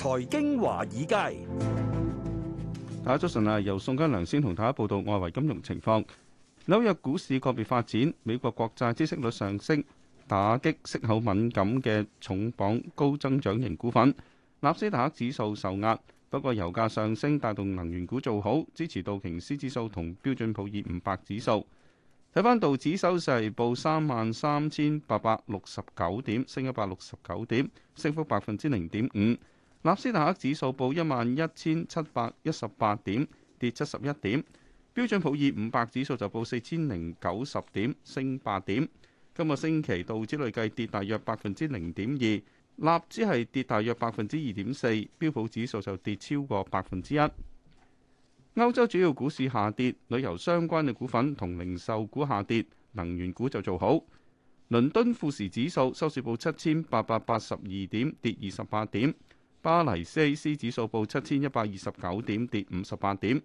財經華爾街，大家早晨啊！由宋嘉良先同大家報道外圍金融情況。紐約股市個別發展，美國國債孳息率上升，打擊息口敏感嘅重磅高增長型股份，納斯達克指數受壓。不過，油價上升帶動能源股做好，支持道瓊斯指數同標準普爾五百指數。睇翻道指收市報三萬三千八百六十九點，升一百六十九點，升幅百分之零點五。納斯達克指數報一萬一千七百一十八點，跌七十一點。標準普爾五百指數就報四千零九十點，升八點。今個星期道指累計跌大約百分之零點二，納指係跌大約百分之二點四，標普指數就跌超過百分之一。歐洲主要股市下跌，旅遊相關嘅股份同零售股下跌，能源股就做好。倫敦富時指數收市報七千八百八十二點，跌二十八點。巴黎 CAC 指數報七千一百二十九點，跌五十八點。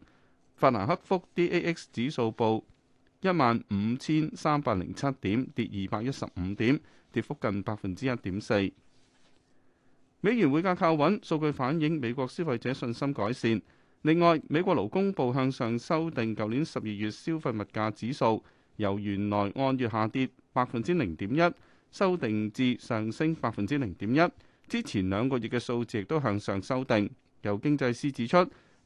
法蘭克福 DAX 指數報一萬五千三百零七點，跌二百一十五點，跌幅近百分之一點四。美元匯價靠穩，數據反映美國消費者信心改善。另外，美國勞工部向上修訂舊年十二月消費物價指數，由原來按月下跌百分之零點一，修訂至上升百分之零點一。之前兩個月嘅數字亦都向上修訂。有經濟師指出，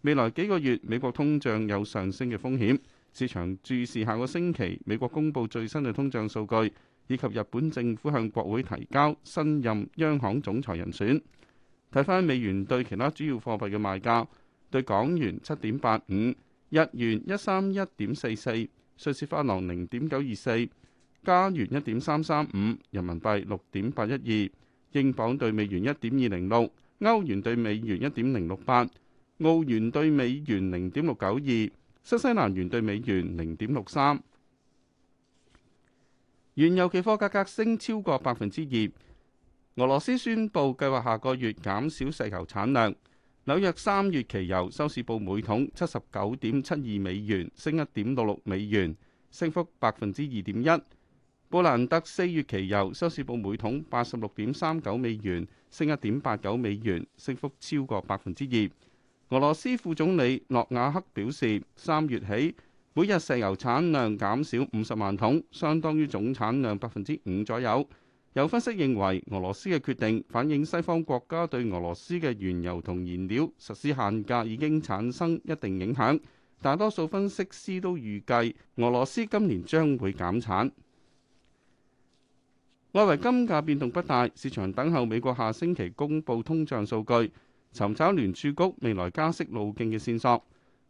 未來幾個月美國通脹有上升嘅風險。市場注視下個星期美國公布最新嘅通脹數據，以及日本政府向國會提交新任央行總裁人選。睇返美元對其他主要貨幣嘅賣價：對港元七點八五，日元一三一點四四，瑞士法郎零點九二四，加元一點三三五，人民幣六點八一二。英鎊對美元一點二零六，歐元對美元一點零六八，澳元對美元零點六九二，新西蘭元對美元零點六三。原油期貨價格升超過百分之二。俄羅斯宣布計劃下個月減少石油產量。紐約三月期油收市報每桶七十九點七二美元，升一點六六美元，升幅百分之二點一。布蘭特四月期油收市報每桶八十六點三九美元，升一點八九美元，升幅超過百分之二。俄羅斯副總理諾瓦克表示，三月起每日石油產量減少五十萬桶，相當於總產量百分之五左右。有分析認為，俄羅斯嘅決定反映西方國家對俄羅斯嘅原油同燃料實施限價已經產生一定影響。大多數分析師都預計俄羅斯今年將會減產。外圍金價變動不大，市場等候美國下星期公布通脹數據，尋找聯儲局未來加息路徑嘅線索。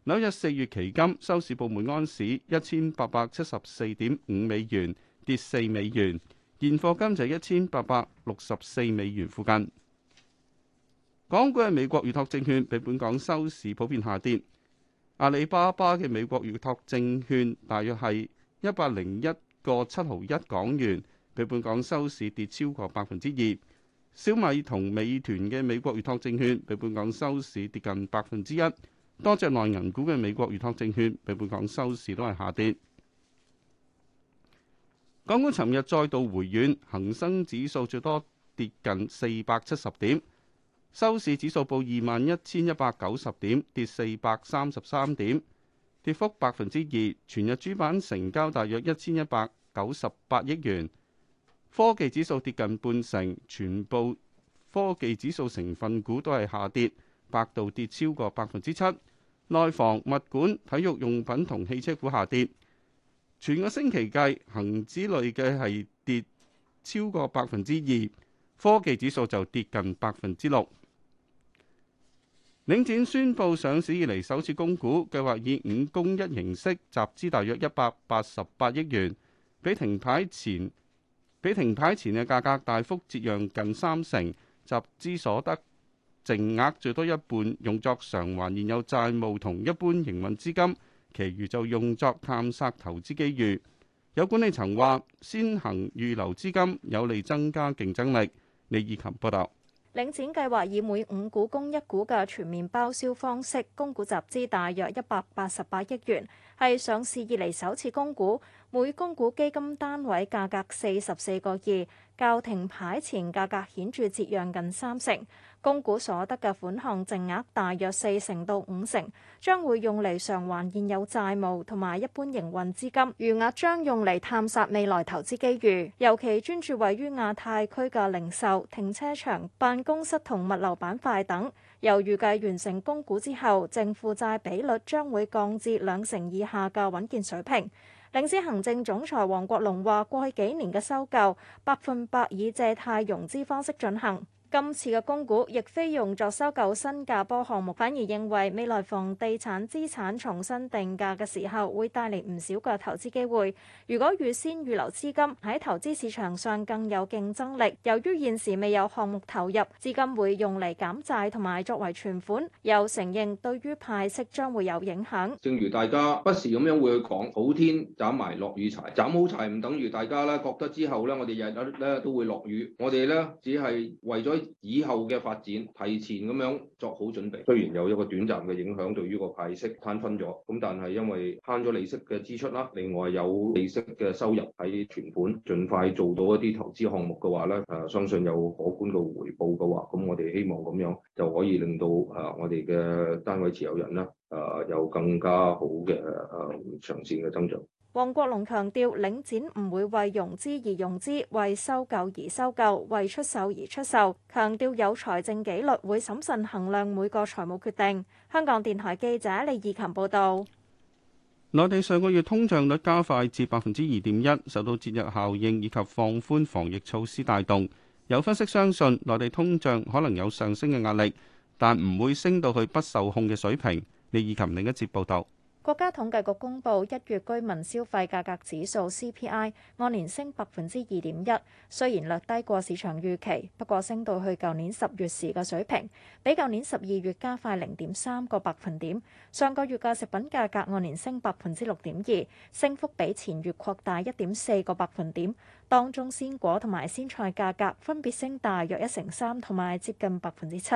紐約四月期金收市報每盎司一千八百七十四點五美元，跌四美元；現貨金就一千八百六十四美元附近。港股嘅美國預託證券，比本港收市普遍下跌。阿里巴巴嘅美國預託證券大約係一百零一個七毫一港元。比本港收市跌超過百分之二，小米同美團嘅美國預託證券比本港收市跌近百分之一。多隻內銀股嘅美國預託證券比本港收市都係下跌。港股尋日再度回軟，恒生指數最多跌近四百七十點，收市指數報二萬一千一百九十點，跌四百三十三點，跌幅百分之二。全日主板成交大約一千一百九十八億元。科技指數跌近半成，全部科技指數成分股都係下跌。百度跌超過百分之七，內房、物管、體育用品同汽車股下跌。全個星期計，恒指類嘅係跌超過百分之二，科技指數就跌近百分之六。領展宣布上市以嚟首次供股，計劃以五供一形式集資大約一百八十八億元，比停牌前，比停牌前嘅價格大幅折讓近三成，集資所得淨額最多一半用作償還現有債務同一般營運資金，其餘就用作探索投資機遇。有管理層話先行預留資金有利增加競爭力。李以琴報道。領展計劃以每五股供一股嘅全面包銷方式供股集資大約一百八十八億元，係上市以嚟首次供股，每供股基金單位價格四十四個二。較停牌前價格顯著折讓近三成，供股所得嘅款項淨額大約四成到五成，將會用嚟償還現有債務同埋一般營運資金，餘額將用嚟探索未來投資機遇，尤其專注位於亞太區嘅零售、停車場、辦公室同物流板塊等。由預計完成供股之後，淨負債比率將會降至兩成以下嘅穩健水平。領事行政總裁王國龍話：過去幾年嘅收購，百分百以借貸融資方式進行。今次嘅供股亦非用作收購新加坡項目，反而認為未來房地產資產重新定價嘅時候會帶嚟唔少嘅投資機會。如果預先預留資金喺投資市場上更有競爭力。由於現時未有項目投入，資金會用嚟減債同埋作為存款。又承認對於派息將會有影響。正如大家不時咁樣會去講，好天斬埋落雨柴，斬好柴唔等於大家呢覺得之後呢，我哋日日呢都會落雨。我哋呢，只係為咗。以後嘅發展，提前咁樣作好準備。雖然有一個短暫嘅影響，對於個派息攤分咗，咁但係因為慳咗利息嘅支出啦，另外有利息嘅收入喺存款，盡快做到一啲投資項目嘅話咧，誒相信有可觀嘅回報嘅話，咁我哋希望咁樣就可以令到誒我哋嘅單位持有人啦，誒有更加好嘅誒長線嘅增長。王國龍強調，領展唔會為融資而融資，為收購而收購，為出售而出售。強調有財政紀律，會審慎衡量每個財務決定。香港電台記者李義琴報道。內地上個月通脹率加快至百分之二點一，受到節日效應以及放寬防疫措施帶動。有分析相信，內地通脹可能有上升嘅壓力，但唔會升到去不受控嘅水平。李義琴另一節報道。國家統計局公布一月居民消費價格指數 CPI 按年升百分之二點一，雖然略低過市場預期，不過升到去舊年十月時嘅水平，比舊年十二月加快零點三個百分點。上個月嘅食品價格按年升百分之六點二，升幅比前月擴大一點四個百分點。當中鮮果同埋鮮菜價格分別升大約一成三同埋接近百分之七，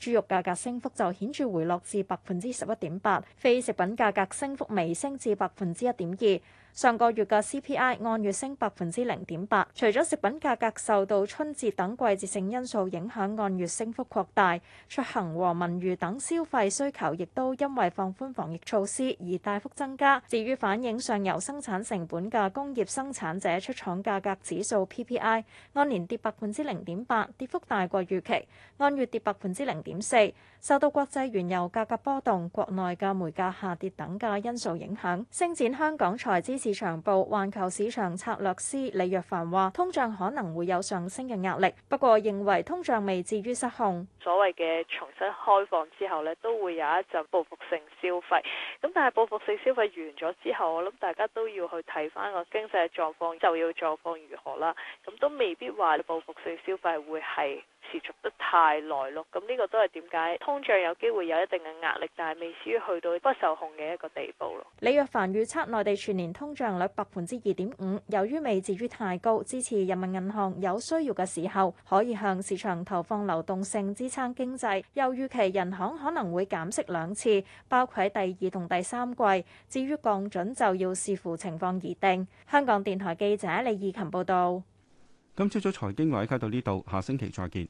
豬肉價格升幅就顯著回落至百分之十一點八，非食品價格升幅微升至百分之一點二。上個月嘅 CPI 按月升百分之零點八，除咗食品價格受到春節等季節性因素影響按月升幅擴大，出行和文娛等消費需求亦都因為放寬防疫措施而大幅增加。至於反映上游生產成本嘅工業生產者出廠價格，指數 PPI 按年跌百分之零點八，跌幅大過預期；按月跌百分之零點四，受到國際原油價格波動、國內嘅煤價下跌等嘅因素影響。星展香港財資市場部環球市場策略師李若凡話，通脹可能會有上升嘅壓力，不過認為通脹未至於失控。所謂嘅重新開放之後咧，都會有一陣報復性消費，咁但係報復性消費完咗之後，我諗大家都要去睇翻個經濟嘅狀況，就要狀況。如何啦？咁都未必話你報復性消費會係，持續得太耐咯，咁呢個都係點解通脹有機會有一定嘅壓力，但係未至於去到不受控嘅一個地步咯。李若凡預測內地全年通脹率百分之二點五，由於未至於太高，支持人民銀行有需要嘅時候可以向市場投放流動性，支撐經濟。又預期人行可能會減息兩次，包括喺第二同第三季。至於降準就要視乎情況而定。香港電台記者李義琴報道。今朝早財經華爾街到呢度，下星期再見。